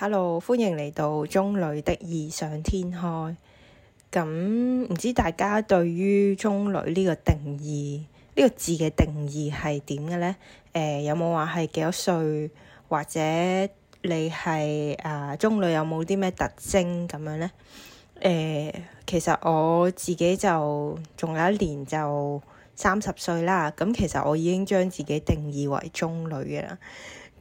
hello，歡迎嚟到中女的異想天開。咁唔、嗯、知大家對於中女呢個定義，呢、呢個字嘅定義係點嘅呢？誒、呃，有冇話係幾多歲？或者你係啊中女有冇啲咩特徵咁樣呢？誒、呃，其實我自己就仲有一年就三十歲啦。咁、嗯、其實我已經將自己定義為中女嘅啦。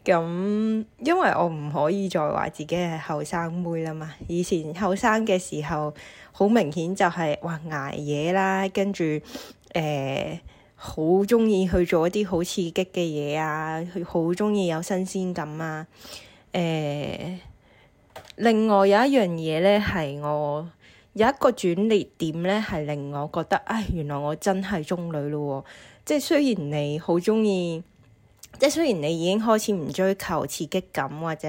咁，因為我唔可以再話自己係後生妹啦嘛。以前後生嘅時候，好明顯就係、是、哇捱夜啦，跟住誒好中意去做一啲好刺激嘅嘢啊，好中意有新鮮感啊。誒、呃，另外有一樣嘢咧，係我有一個轉捩點咧，係令我覺得啊、哎，原來我真係中女咯。即係雖然你好中意。即係雖然你已經開始唔追求刺激感，或者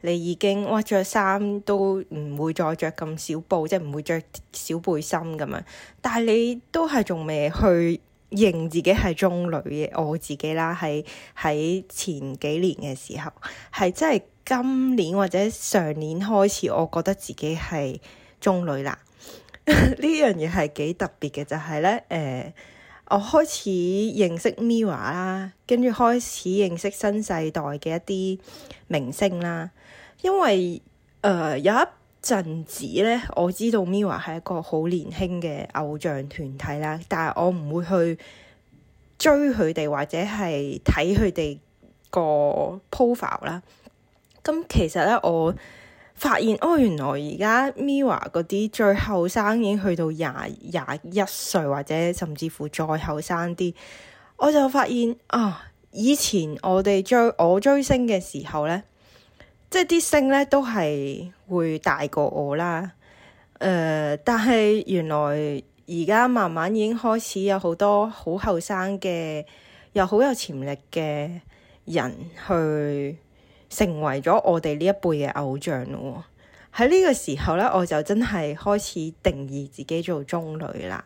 你已經哇著衫都唔會再着咁少布，即係唔會着小背心咁樣，但係你都係仲未去認自己係中女嘅。我自己啦，喺喺前幾年嘅時候，係真係今年或者上年開始，我覺得自己係中女啦。呢樣嘢係幾特別嘅，就係咧誒。呃我開始認識 MIRROR 啦，跟住開始認識新世代嘅一啲明星啦。因為誒、呃、有一陣子咧，我知道 MIRROR 係一個好年輕嘅偶像團體啦，但係我唔會去追佢哋或者係睇佢哋個 profile 啦。咁其實咧我，發現哦，原來而家 MIRROR 嗰啲最後生已經去到廿廿一歲，或者甚至乎再後生啲，我就發現啊、哦，以前我哋追我追星嘅時候咧，即係啲星咧都係會大過我啦。誒、呃，但係原來而家慢慢已經開始有好多好後生嘅，又好有潛力嘅人去。成為咗我哋呢一輩嘅偶像咯喎、哦，喺呢個時候咧，我就真係開始定義自己做中女啦。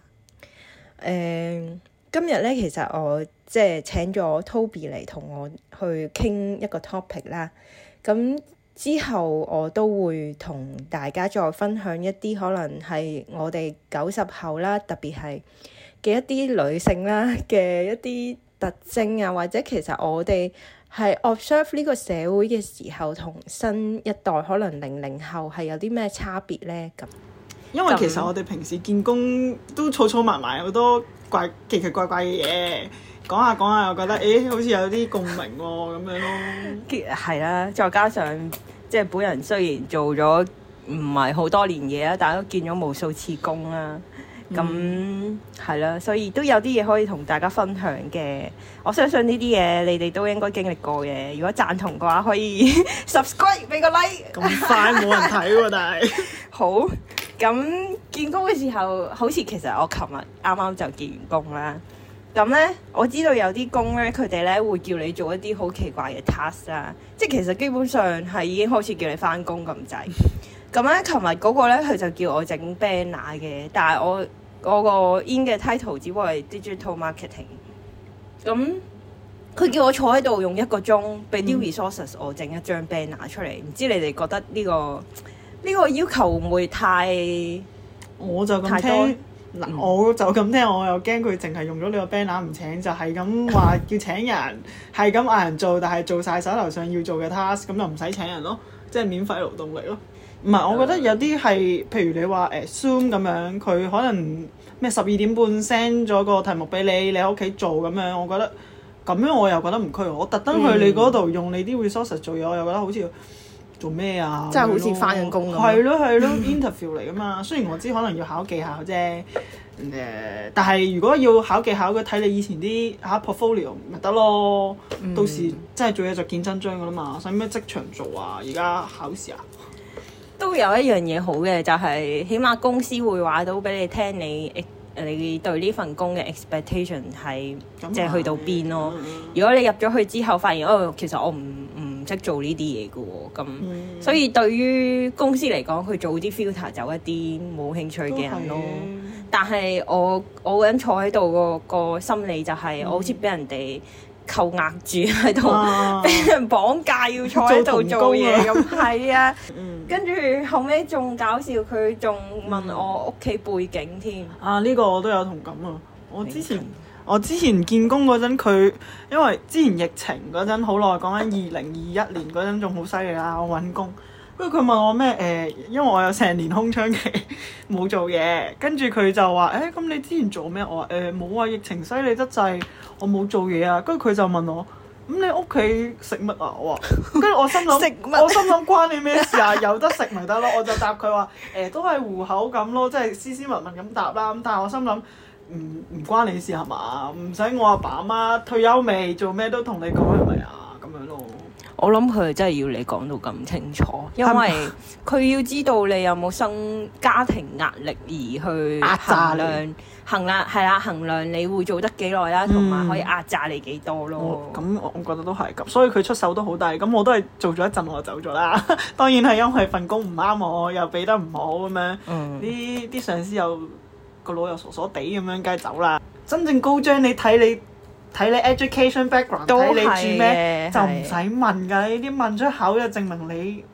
誒、嗯，今日咧其實我即係請咗 Toby 嚟同我去傾一個 topic 啦。咁之後我都會同大家再分享一啲可能係我哋九十後啦，特別係嘅一啲女性啦嘅一啲特徵啊，或者其實我哋。係 observe 呢個社會嘅時候，同新一代可能零零後係有啲咩差別呢？咁，因為其實我哋平時見工都儲儲埋埋好多怪奇奇怪怪嘅嘢，講下講下又覺得誒、 欸、好似有啲共鳴喎、哦、咁樣咯。係啦、 啊，再加上即係本人雖然做咗唔係好多年嘢啦，但係都見咗無數次工啦、啊。咁係啦，所以都有啲嘢可以同大家分享嘅。我相信呢啲嘢你哋都應該經歷過嘅。如果贊同嘅話，可以 subscribe 俾個 like。咁快冇人睇喎，但係、啊、 好咁見工嘅時候，好似其實我琴日啱啱就見完工啦。咁咧，我知道有啲工咧，佢哋咧會叫你做一啲好奇怪嘅 task 啦，即係其實基本上係已經開始叫你翻工咁滯。咁咧，琴日嗰個咧，佢就叫我整 banner 嘅，但係我。嗰個 in 嘅 title 只會係 digital marketing，咁佢叫我坐喺度用一個鐘俾啲 resources 我整一, res、嗯、一張 banner 出嚟，唔知你哋覺得呢、呢個呢、呢個要求會太？我就咁聽，多呢我就咁聽，我又驚佢淨係用咗呢個 banner 唔請，就係咁話要請人，係咁嗌人做，但係做晒手頭上要做嘅 task，咁就唔使請人咯，即、就、係、是、免費勞動力咯。唔係，嗯、我覺得有啲係，譬如你話誒 Zoom 咁樣，佢可能咩十二點半 send 咗個題目俾你，你喺屋企做咁樣。我覺得咁樣我又覺得唔屈，我特登去你嗰度用你啲 resources 做嘢，我又覺得好似做咩啊？即係好似翻緊工咁，係咯係咯，interview 嚟噶嘛。雖然我知可能要考技巧啫，誒、嗯，但係如果要考技巧，佢睇你以前啲嚇 portfolio 咪得咯。嗯、到時真係做嘢就見真章噶啦嘛。使咩即場做啊？而家考試啊？都有一樣嘢好嘅，就係、是、起碼公司會話到俾你聽，你你對呢份工嘅 expectation 係即係去到邊咯。如果你入咗去之後發現，哦，其實我唔唔識做呢啲嘢㗎喎，咁、嗯、所以對於公司嚟講，佢做啲 filter 就一啲冇興趣嘅人咯。是但係我我個人坐喺度、個心理就係我好似俾人哋。扣押住喺度，畀人綁架、啊、要坐喺度做嘢咁，係啊！跟住後尾仲搞笑，佢仲問我屋企背景添、嗯。啊！呢、呢個我都有同感啊！我之前我之前見工嗰陣，佢因為之前疫情嗰陣好耐，講緊二零二一年嗰陣仲好犀利啊！我揾工。跟住佢問我咩？誒，因為我有成年空窗期冇做嘢，跟住佢就話：誒，咁你之前做咩？我話：誒，冇啊，疫情犀利得滯，我冇做嘢啊。跟住佢就問我：咁你屋企食乜啊？我話：跟住我心諗， 食物 我心諗關你咩事啊？ 有得食咪得咯。我就答佢話：誒，都係糊口咁咯，即係斯斯文文咁答啦。咁但係我心諗，唔唔關你事係嘛？唔使我阿爸阿媽退休未做咩都同你講係咪啊？咁樣咯。我諗佢真係要你講到咁清楚，因為佢要知道你有冇生家庭壓力而去榨量衡量係啦，衡量你會做得幾耐啦，同埋、嗯、可以壓榨你幾多咯。咁我我覺得都係咁，所以佢出手都好大。咁我都係做咗一陣我就走咗啦。當然係因為份工唔啱我又，又俾得唔好咁樣。嗯，啲啲上司又個腦又傻傻地咁樣，梗係走啦。真正高張，你睇你。睇你 education background，睇都是 你住咩，的就唔使問㗎。呢啲問出口就證明你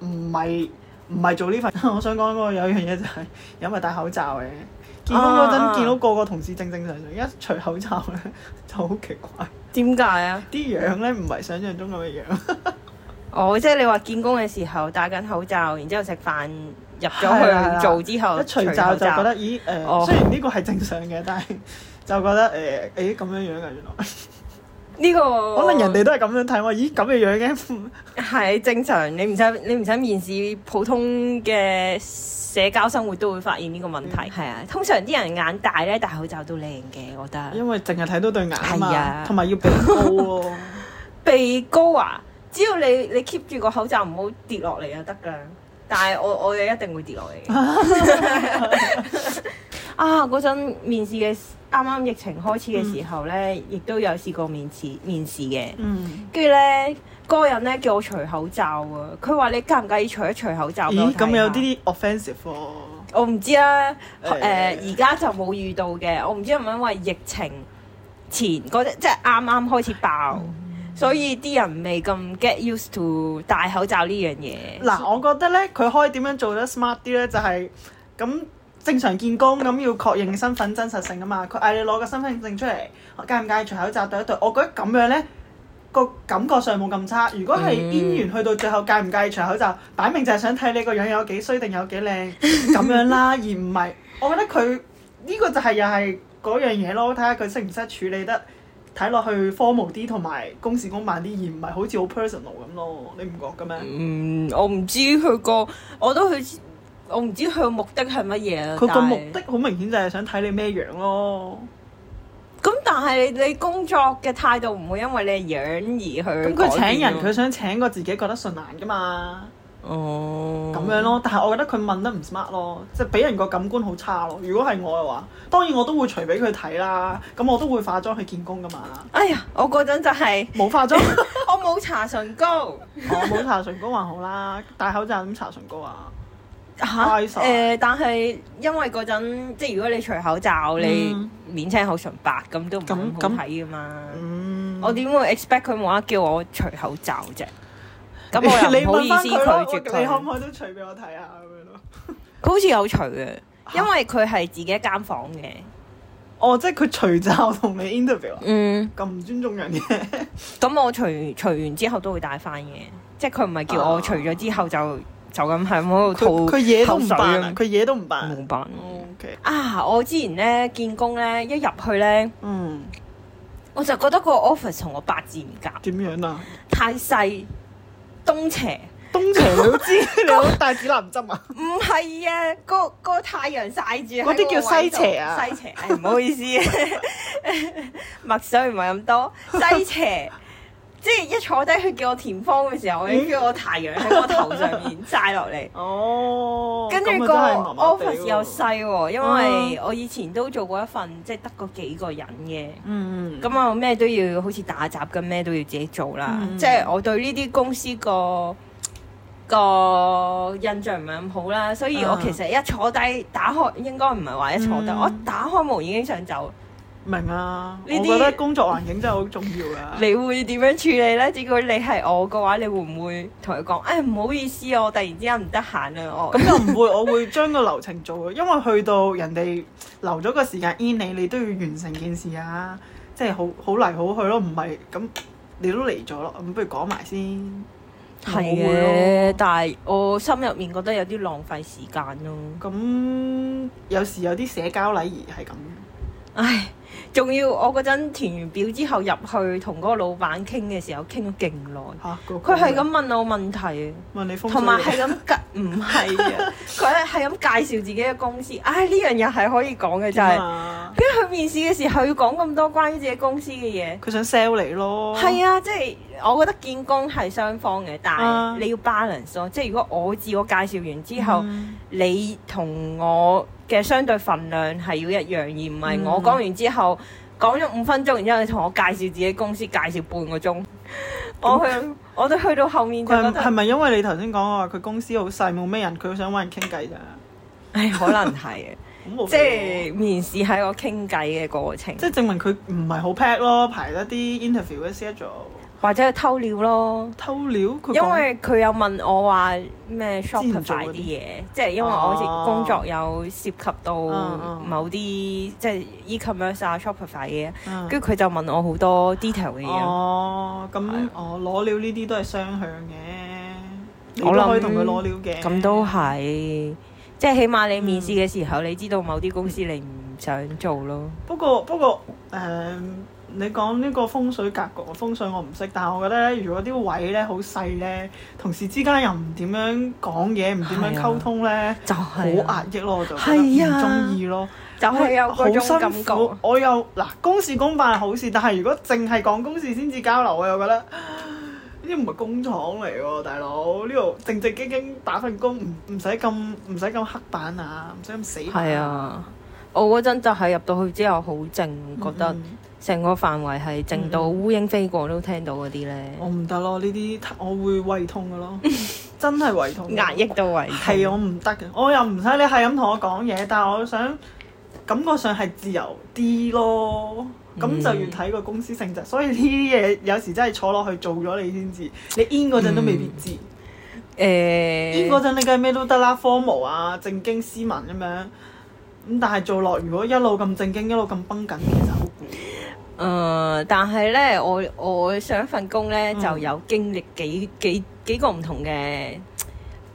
唔唔係唔係做呢份。 我想講嗰個有樣嘢就係，有咪、就是、戴口罩嘅見工嗰陣見到個個同事正正常常，啊、一除口罩咧就好奇怪。點解啊？啲樣咧唔係想像中咁嘅樣。哈哈哦，即係你話見工嘅時候戴緊口罩，然之後食飯入咗去，的去做之後，一除口罩就覺得咦誒、嗯嗯呃，雖然呢個係正常嘅，但係。哦 就覺得誒，咦、欸、咁樣樣嘅原來呢、這個，可能 人哋都係咁樣睇我，咦咁嘅樣嘅，係 正常。你唔使你唔使面試，普通嘅社交生活都會發現呢個問題。係唉啊，通常啲人眼大咧，戴口罩都靚嘅，我覺得。因為淨係睇到對眼啊，係啊，同埋要鼻高咯。鼻 高啊！只要你你 keep 住個口罩唔好跌落嚟就得㗎。但係我我哋一定會跌落嚟啊！嗰陣面試嘅。啱啱疫情開始嘅時候呢，亦、嗯、都有試過面試面試嘅，跟住、嗯、呢，嗰個人呢叫我除口罩啊，佢話你介唔介意除一除口罩看看？咦，咁有啲 offensive 咯！我唔知啊，誒而家就冇遇到嘅，我唔知係咪因為疫情前嗰即係啱啱開始爆，嗯嗯、所以啲人未咁 get used to 戴口罩呢樣嘢。嗱，我覺得呢，佢可以點樣做得 smart 啲呢？就係、是、咁。正常見工咁要確認身份真實性啊嘛，佢嗌你攞個身份證出嚟，介唔介意除口罩對一對？我覺得咁樣呢個感覺上冇咁差。如果係邊緣去到最後介唔介意除口罩，擺明就係想睇你個樣有幾衰定有幾靚咁樣啦，而唔係我覺得佢呢、這個就係又係嗰樣嘢咯，睇下佢識唔識處理得睇落去 formal 啲同埋公事公辦啲，而唔係好似好 personal 咁咯，你唔覺嘅咩？嗯，我唔知佢個我都去。我唔知佢目的係乜嘢。佢個目的好明顯就係想睇你咩樣咯。咁但係你工作嘅態度唔會因為你係樣而去改變。咁佢請人，佢想請個自己覺得順眼噶嘛。哦、oh，咁樣咯。但係我覺得佢問得唔 smart 咯，即係俾人個感官好差咯。如果係我嘅話，當然我都會除俾佢睇啦。咁我都會化妝去見工噶嘛。哎呀，我嗰陣就係、是、冇化妝， 我冇搽唇膏。我冇搽唇膏還好啦，戴口罩點搽唇膏啊？吓誒、呃，但係因為嗰陣，即係如果你除口罩，嗯、你面青口唇白咁都唔咁好睇噶嘛。嗯、我點會 expect 佢冇得叫我除口罩啫？咁你我又唔好意思拒絕佢。你，拒絕你可唔可以都除俾我睇下咁樣咯？佢 好似有除嘅，因為佢係自己一間房嘅。哦，即係佢除罩同你 interview，嗯，咁唔尊重人嘅。咁 我除除完之後都會戴翻嘅，即係佢唔係叫我除咗之後就。 就咁係，冇佢嘢都唔辦，佢嘢都唔辦、啊，冇辦、啊。啊，Okay. 啊！我之前咧見工咧一入去咧，嗯，我就覺得個 office 同我八字唔夾。點樣啊？太細，東斜。東斜， 斜，你都知， 那你攞大指南針唔啊。唔係啊，個、嗰個太陽曬住，嗰啲叫西斜啊。西斜，唔、哎、好意思，墨 水唔係咁多，西斜。即係一坐低，佢叫我填方嘅時候，咦我已經叫我太陽喺我頭上面曬落嚟。 哦，跟住個 office 又細喎，因為我以前都做過一份，即係得嗰幾個人嘅。嗯嗯。咁啊，咩都要好似打雜咁，咩都要自己做啦。即係、嗯、我對呢啲公司個、嗰個印象唔係咁好啦，所以我其實一坐低打開，應該唔係話一坐低，嗯、我打開門已經想走。明啊！呢啲我覺得工作環境真係好重要啊！你會點樣處理咧？如果你係我嘅話，你會唔會同佢講？誒、哎、唔好意思啊，我突然之間唔得閒啊！我咁又唔會， 我會將個流程做啊，因為去到人哋留咗個時間 in 你，你都要完成件事啊！即係好好嚟好去的咯，唔係咁你都嚟咗咯，咁不如講埋先。係嘅，但係我心入面覺得有啲浪費時間咯、啊。咁有時有啲社交禮儀係咁，唉～仲要我嗰陣填完表之後入去同嗰個老闆傾嘅時候傾咗勁耐，佢係咁問我問題，問你，同埋係咁唔係嘅。佢係咁介紹自己嘅公司，唉，呢樣嘢係可以講嘅、啊、就係，因為佢面試嘅時候要講咁多關於自己公司嘅嘢，佢想 sell 你咯。係啊，即、就、係、是、我覺得見工係雙方嘅，但係你要 balance 咯，即係、嗯、如果我自我介紹完之後，你同我。嘅相對份量係要一樣，而唔係我講完之後、嗯、講咗五分鐘，然之後你同我介紹自己公司介紹半個鐘樣，我去我哋去到後面覺得係咪因為你頭先講話佢公司好細冇咩人，佢想揾人傾偈咋？誒，可能係，即係面試係一個傾偈嘅過程，即係證明佢唔係好 pack 咯，排得啲 interview schedule。或者係偷料咯，偷料佢因為佢有問我話咩 shopify 啲嘢，即係因為我好似工作有涉及到某啲、啊啊啊、即係 e-commerce 啊 shopify 嘢。跟住佢就問我好多 detail 嘅嘢。啊、對哦，咁我攞料呢啲都係雙向嘅，我都可以同佢攞料嘅。咁都係，即係起碼你面試嘅時候，嗯、你知道某啲公司你唔想做咯。嗯、不過不過誒。嗯你講呢個風水格局，個風水我唔識，但係我覺得咧，如果啲位咧好細咧，同事之間又唔點樣講嘢，唔點、啊、樣溝通咧、啊啊，就係好壓抑咯，就唔中意咯，就係有嗰種感覺。欸、我又嗱，公事公辦係好事，但係如果淨係講公事先至交流，我又覺得呢啲唔係工廠嚟喎，大佬呢度正正經經打份工，唔唔使咁唔使咁刻板，板啊，唔使咁死係啊。我嗰陣就係入到去之後好靜，嗯嗯覺得成個範圍係靜到烏蠅飛過都聽到嗰啲咧。我唔得咯，呢啲我會胃痛嘅咯， 真係胃，胃痛，壓抑到胃。係我唔得嘅，我又唔使你係咁同我講嘢，但係我想感覺上係自由啲咯。咁、嗯、就要睇個公司性質，所以呢啲嘢有時真係坐落去做咗你先知，你 in 嗰陣都未必知。誒、嗯嗯欸、，in 嗰陣你計咩都得啦，formal 啊，正經斯文咁樣。咁但係做落，如果一路咁正經，一路咁崩緊，其實好攰。誒，但係咧，我我上一份工咧、嗯、就有經歷幾幾幾個唔同嘅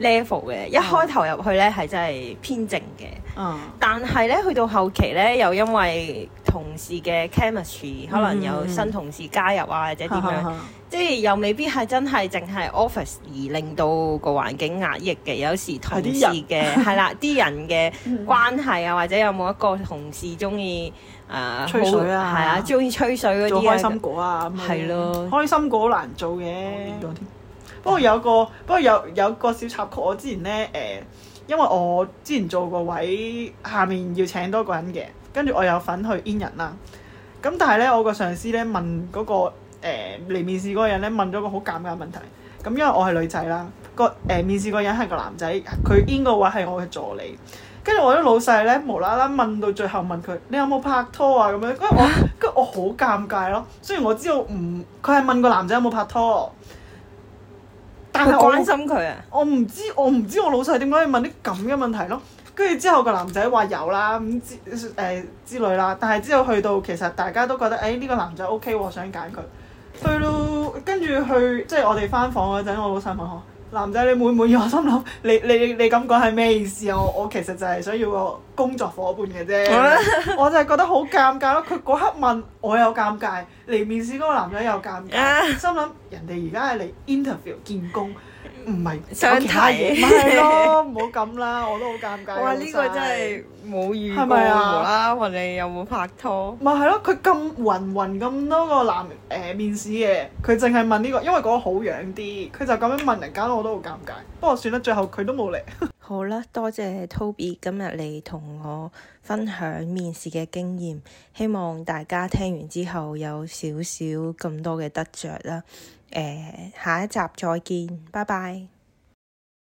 level 嘅。嗯、一開頭入去咧，係真係偏靜嘅。嗯、但係咧，去到後期咧，又因為同事嘅 chemistry、嗯、可能有新同事加入啊，或者點樣，嗯嗯、即係又未必係真係淨係 office 而令到個環境壓抑嘅。有時同事嘅係啦，啲人嘅關係啊，嗯、或者有冇一個同事中意啊吹水啊，係好啊中意吹水嗰啲做開心果啊，係咯樣，啦開心果好難做嘅、啊。不過有個不過有有個小插曲，我之前咧誒因為我之前，我之前做個位下面要請多個人嘅。跟住我有份去 in 人啦，咁但係咧，我個上司咧問嗰、個嚟、呃、面試嗰個人咧問咗個好尷尬嘅問題，咁、嗯、因為我係女仔啦，個誒、呃、面試嗰人係個男仔，佢 in 個位係我嘅助理，跟住我啲老細咧無啦啦問到最後問佢，你有冇拍拖啊咁樣。跟住我跟住、啊、我好尷尬咯，雖然我知道唔，佢係問個男仔有冇拍拖，但係我關心佢啊，我唔知我唔知，我唔知我老細點解要問啲咁嘅問題咯。跟住之後個男仔話有啦，咁、嗯、之誒、呃、之類啦，但係之後去到其實大家都覺得誒呢、欸呢個男仔 OK 喎，想揀佢，去咯。跟住去即係我哋返房嗰陣，我老細問我：男仔你滿唔滿意？我心諗你你你咁講係咩意思啊？我，我其實就係想要個工作夥伴嘅啫， 我就係覺得好尷尬咯。佢嗰刻問我有尷尬，嚟面試嗰個男仔有尷尬， 心諗人哋而家係嚟 interview 見工。唔係想睇，唔係咯，唔好咁啦，我都好尷尬。哇！呢、呢個真係冇意喎，無啦、啊，問你有冇拍拖？咪係咯，佢咁混混咁多個男誒、呃、面試嘅，佢淨係問呢、呢個，因為嗰個好樣啲，佢就咁樣問人家咯，我都好尷尬。不過算啦，最後佢都冇嚟。 好啦，多謝 Toby 今日嚟同我分享面試嘅經驗，希望大家聽完之後有少少咁多嘅得着啦。誒，呃，下一集再見，拜拜。